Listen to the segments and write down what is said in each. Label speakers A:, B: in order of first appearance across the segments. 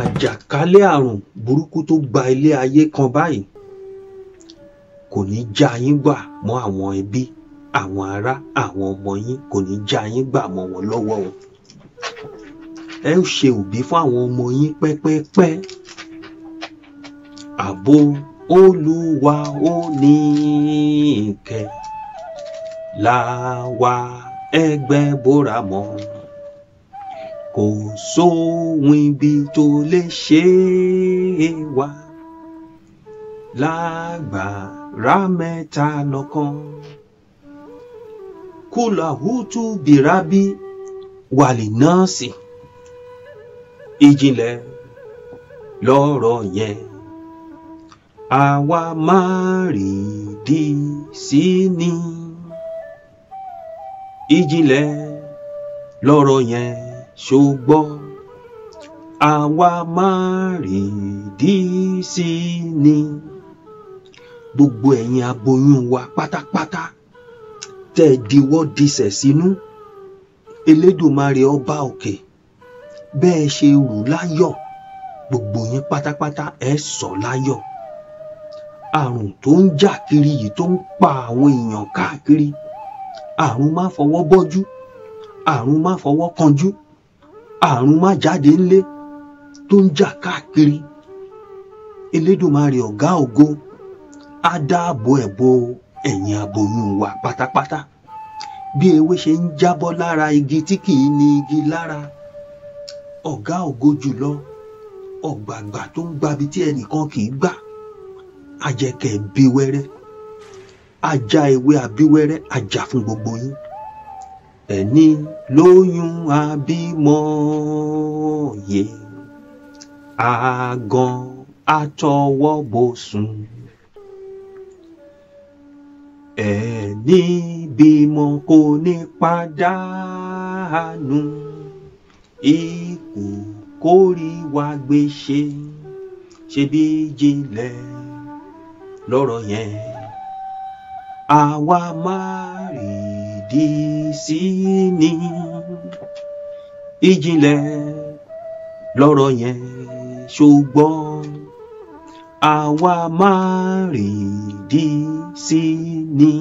A: àjàkálẹ̀ àrùn burúkú tó gba ilé ayé kan báyìí kò ní já yín gbà mọ́ àwọn ẹbí àwọn ará àwọn ọmọ yín kò ní já yín gbà mọ́ wọn lọ́wọ́ o ẹ ó ṣe òbí fún àwọn ọmọ yín pẹ́pẹ́pẹ́ ààbò olúwa ó ní ìkẹ́ la wà ẹgbẹ́ bóra mọ́ kò sóhun ibi tó lè ṣe é wá lágbára mẹ́ta lọ́kan kúláhùtù bìrábí wàlì nọ́ọ̀sì ìjìnlẹ̀ lọ́rọ̀ yẹn àwa máa rí di sí ni ìjìnlẹ̀ lọ́rọ̀ yẹn ṣùgbọ́n àwa máa rìndíìsì ni gbogbo ẹ̀yin aboyún wa pátápátá tẹ́ ẹ diwọ́ disẹ̀ sínú Elédùmarè ọba òkè bẹ́ẹ̀ ṣe rù láyọ̀ gbogbo yín pátápátá ẹ sọ láyọ̀ àrùn tó ń jà kiri yìí tó ń pa àwọn èèyàn káàkiri àrùn má fọwọ́ bọ́jú àrùn má fọwọ́ kanjú. àrùn má jáde ńlé tó ń jà káàkiri Elédùmarè ọ̀gá ògo á dáàbò ẹ̀ bo ẹ̀yin aboyún wa pátápátá bí ewé ṣe ń jábọ́ lára igi tí kì ní igi lára ọ̀gá ògo jùlọ ọ̀gbàgbà tó ń gbabi tí ẹnìkan kì í gbà ajẹ́kẹ̀ bí wẹ́rẹ́ ajá ewé àbíwẹ́rẹ́ ajá fún gbogbo yín ẹni lóyún abímọ yè àgàn àtọwọ́bọ̀sùn ẹni bímọ kò ní pàdánù ikú kórì wá gbéṣe ṣebí jinlẹ̀ lọ́rọ̀ yẹn àwa máa. Di sini ni ìjìnlẹ̀ lọ́rọ̀ yẹn ṣùgbọ́n àwa máa rìn dí sí ni.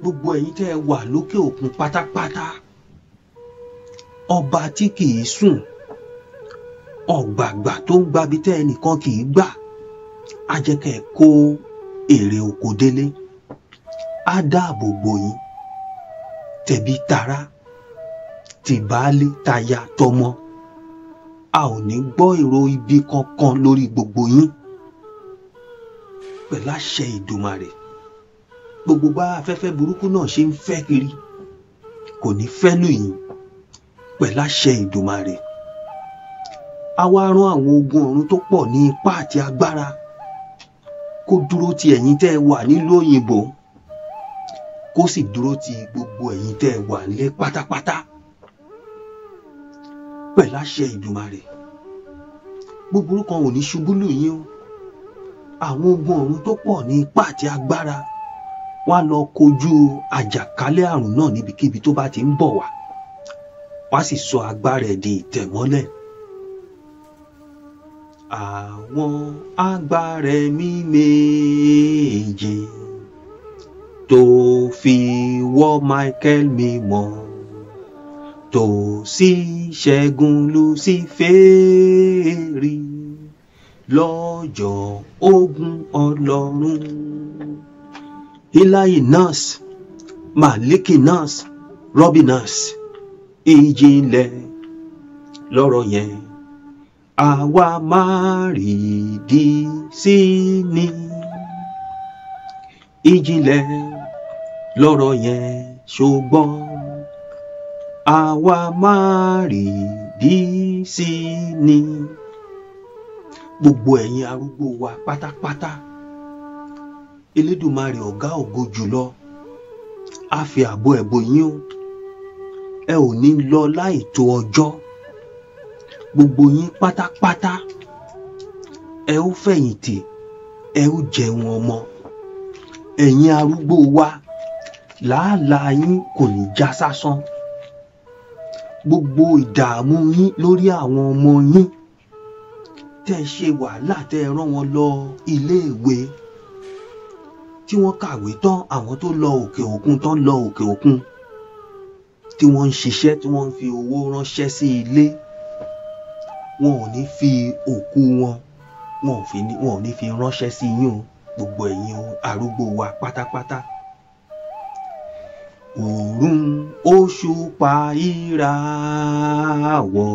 A: gbogbo ẹ̀yin tẹ́ ẹ wà lókè òkun pátápátá ọba tí kì í sùn ọ̀gbàgbà tó ń gbabi tẹ́ ẹnìkan kì í gbà á jẹ́ kẹ́ ẹ kó èrè oko délé á dáàbò bò yín tẹ̀bí tará tìbálé taya tọmọ a ò ní gbọ́ èrò ibi kankan lórí gbogbo yín pẹ̀lú àṣẹ Ìdùmarè gbogbo bá afẹ́fẹ́ burúkú náà ṣe ń fẹ́ kiri kò ní fẹ́ lù yín pẹ̀lú àṣẹ Ìdùmarè a wá rán àwọn ogun ọ̀run tó pọ̀ ní ipá àti agbára kó dúró ti ẹ̀yin tẹ́ ẹ wà nílùú òyìnbó kó sì dúró ti gbogbo ẹ̀yin tẹ́ ẹ wà nílé pátápátá pẹ̀lú àṣẹ Ìdùmarè búburú kan ò ní ṣubú lù yín o àwọn ogun ọ̀run tó pọ̀ ní ipá àti agbára wá lọ kojú àjàkálẹ̀ àrùn náà níbikíbi tó bá ti ń bọ̀ wá wá sì sọ agbára ẹ̀ di ìtẹ̀mọ́lẹ̀ àwọn agbára ẹ̀mí méje tó fi wọ́ Michael mímọ́ tó sì ṣẹ́gun Luciferi lọ́jọ́ ogun Ọlọ́run ilayi nas maliki nas robinas ìjìnlẹ̀ lọ́rọ̀ yẹn àwa máa rìdí sí ni ìjìnlẹ̀ lọ́rọ̀ yẹn ṣùgbọ́n àwa máa rí bí sí ni gbogbo ẹ̀yin arúgbó wa pátápátá Elédùmarè ọ̀gá ògo jùlọ á fi ààbò ẹ̀bò yín o ẹ ò ní lọ láì tó ọjọ́ gbogbo yín pátápátá ẹ ó fẹ̀yìntì ẹ ó jẹun ọmọ ẹ̀yin arúgbó wa làálàá yín kò ní já sásán gbogbo ìdààmú yín lórí àwọn ọmọ yín tẹ́ ẹ ṣe wàhálà tẹ́ ẹ rán wọn lọ iléèwé tí wọ́n kàwé tán àwọn tó lọ òkè òkun tán lọ òkè òkun tí wọ́n ń ṣiṣẹ́ tí wọ́n ń fi owó ránṣẹ́ sí ilé wọn ò ní fi òkú wọn wọn ò ní fi ránṣẹ́ sí yín o gbogbo ẹ̀yin arúgbó wa pátápátá òòrùn òṣùpá ìràwọ̀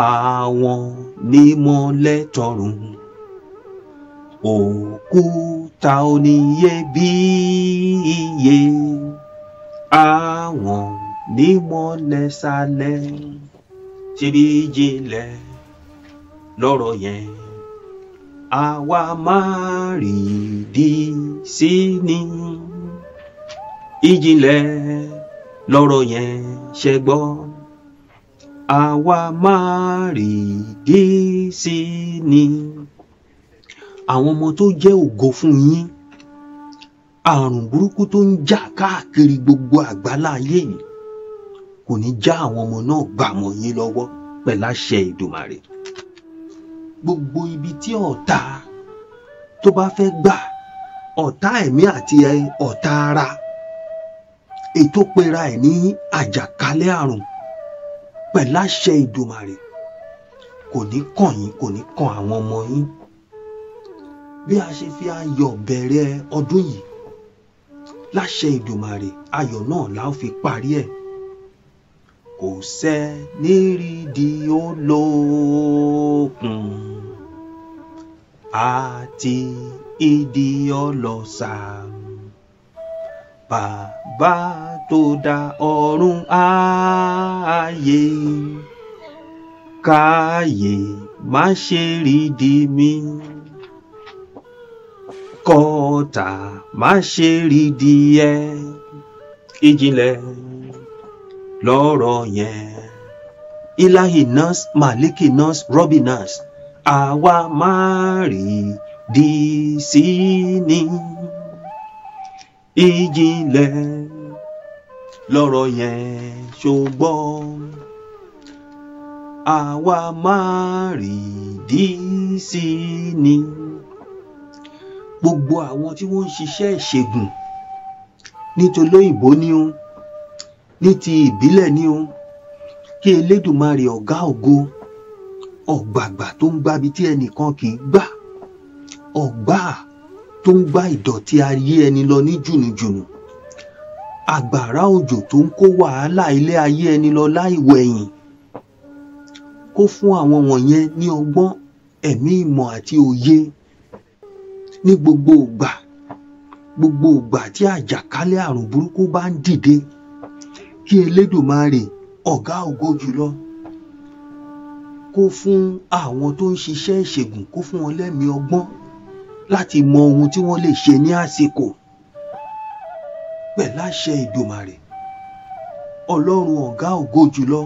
A: àwọn nímọ́lẹ̀ tọ̀run òkúta oníyebíye àwọn nímọ́lẹ̀ sálẹ̀ ṣe bí jinlẹ̀ lọ́rọ̀ yẹn àwa máa rí di sí ni ìjìnlẹ̀ lọ́rọ̀ yẹn ṣe gbọ́ àwa máa rìdí sí ni àwọn ọmọ tó jẹ́ ògo fún yín àrùn burúkú tó ń jà káàkiri gbogbo àgbáláyé yìí kò ní já àwọn ọmọ náà gbà mọ́ yín lọ́wọ́ pẹ̀láṣẹ Èdùmàrè gbogbo ibi tí ọ̀tá tó bá fẹ́ gbà ọ̀tá ẹ̀mí àti ọ̀tá ara èyí pera ẹ̀ ní àjàkálẹ̀ àrùn pẹ̀láṣẹ ìdùmàrè kò ní kàn yín kò ní kàn àwọn ọmọ yín bí a ṣe fi ayọ̀ bẹ̀rẹ̀ ọdún yìí láṣẹ ìdùmàrè ayọ̀ náà la fi parí ẹ̀ kò sẹ́ni rídìí olókun àti ìdí ọlọ́sàá bàbá tó dá ọ̀run ààyè káàyè má ṣe rídi mi kọ́ta má ṣe di ẹ ìjìnlẹ̀ lọ́rọ̀ yẹn ilahi nas maliki nas rọ́bì nas àwa má rídi sí ni ìjìnlẹ̀ lọ́rọ̀ yẹn ṣùgbọ́n àwa máa rí díìsì ni gbogbo àwọn tí wọ́n ń ṣiṣẹ́ ìṣègùn ní tolóyìnbó ni o ní ti ìbílẹ̀ ni o kí Elédùmarè ọ̀gá ògo ọ̀gbàgbà tó ń gbábi tí ẹnìkan kì í gbà ọ̀gbà tó ń gbá ìdọ̀tí ayé ẹni lọ ní jùnùjùnù àgbàrá òjò tó ń kó wàhálà ilé ayé ẹni lọ láì wẹ̀yìn kó fún àwọn wọ̀nyẹn ní ọgbọ́n ẹ̀mí ìmọ̀ àti òye ní gbogbo ìgbà gbogbo ìgbà tí àjàkálẹ̀ àrùn burúkú bá ń dìde kí Elédùmarè ọ̀gá ògo jùlọ kó fún àwọn tó ń ṣiṣẹ́ ìṣègùn kó fún wọn lẹ́mìí ọgbọ́n láti mọ ohun tí wọ́n lè ṣe ní àsìkò pẹ̀lú àṣẹ Ìdùmarè Ọlọ́run ọ̀gá ògo jùlọ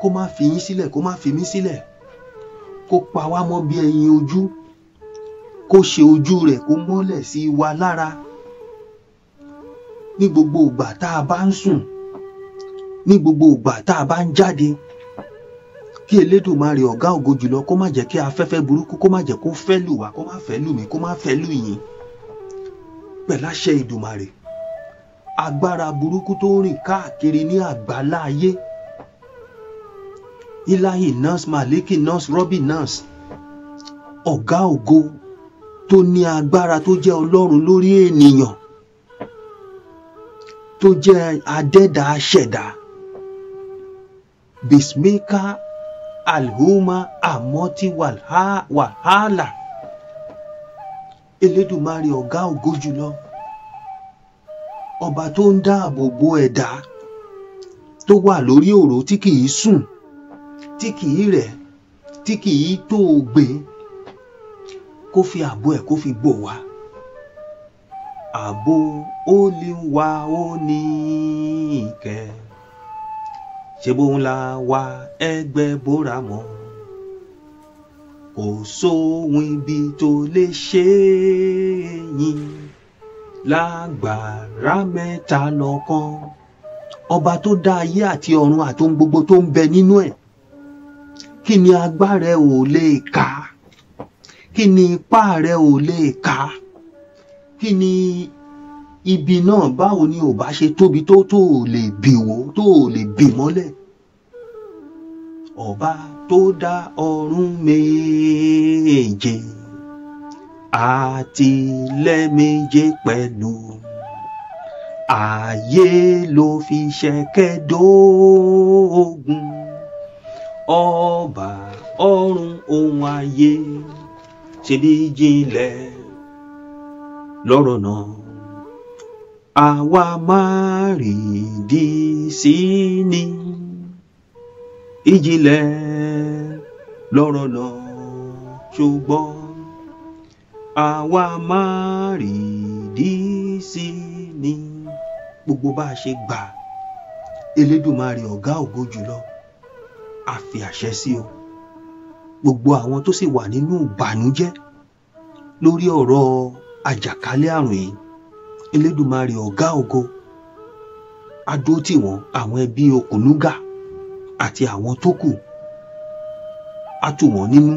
A: kó má fi yín sílẹ̀ kó má fi mí sílẹ̀ kó pa wá mọ́ bí ẹyin ojú kó ṣe ojú rẹ̀ kó mọ́lẹ̀ sí wa lára ní gbogbo ìgbà tá a bá ń sùn ní gbogbo ìgbà tá a bá ń jáde kí Elédùmarè ọ̀gá ògo jùlọ kó má jẹ́ kí afẹ́fẹ́ burúkú kó má jẹ́ kó fẹ́ lù wá kó má fẹ́ lù mí kó má fẹ́ lù yín pẹ̀láṣẹ Ìdùmarè agbára burúkú tó rìn káàkiri ní àgbálá ayé ilahi nurse maliki nurse Robin nurse ọ̀gá ògo tó ní agbára tó jẹ́ ọlọ́run lórí ènìyàn tó jẹ́ adẹ́dàá ṣẹ̀dá bismika alhuma amoti wàhálà elédùnmarè ọgá ògo lọ ọba tó ń dáàbò bo ẹ̀dá tó wà lórí òró tí kìí sùn tí kìí rẹ̀ tí kìí tó o gbé kó fi ààbò ẹ̀ kó fi bò wá ààbò ó lè wá ó ní ìkẹ́. ṣe bóun la wa ẹgbẹ́ bóra mọ́ kò sóhun ibi tó lè ṣe é yìn lágbára mẹ́ta lọ́kan ọba tó dá ayé àti ọ̀run àtohun gbogbo tó ń bẹ nínú ẹ̀ kí ni agbára ò lè kà kí ni ipá rẹ ò lè kà kí ni ibi náà báwo ni ò bá ṣe tóbi tó tó ò lè bì wó tó ò lè bì mọ́lẹ̀ ọba tó dá ọ̀run méje àti ilẹ̀ méje pẹ̀lú ààyè ló fi ṣẹ̀kẹ́ dógún ọba ọ̀run ohun ayé ṣe bí jinlẹ̀ lọ́rọ̀ náà àwa máa rìndí sí ni ìjìnlẹ̀ lọ́rọ̀ lọ ṣùgbọ́n àwa máa rìndí sí ni gbogbo bá a ṣe gbà Elédùmarè ọ̀gá ògo jùlọ a fi àṣẹ sí o gbogbo àwọn tó sì wà nínú ìbànújẹ́ lórí ọ̀rọ̀ àjàkálẹ̀ àrùn yìí elédùnmarè ọ̀gá ògo adó tì wọ́n àwọn ẹbí okùnlúgà àti àwọn tó kù á tù wọ́n nínú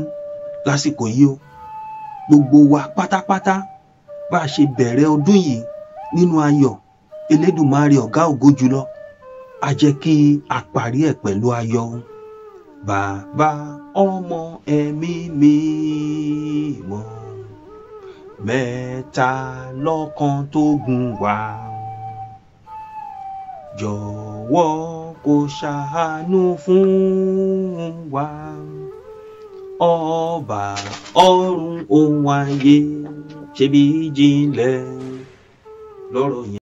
A: lásìkò yìí o gbogbo wa pátápátá bá a ṣe bẹ̀rẹ̀ ọdún yìí nínú ayọ̀ elédùnmarè ọ̀gá ògo jùlọ a jẹ́ kí a parí ẹ̀ pẹ̀lú ayọ̀ o bàbá ọmọ ẹ̀mí mímọ́ mẹ́ta lọ́kan tó gùn wá jọ̀wọ́ kó ṣàánú fún wa ọba ọ̀run ohun ayé ṣebí jinlẹ̀ lọ́rọ̀ yẹn.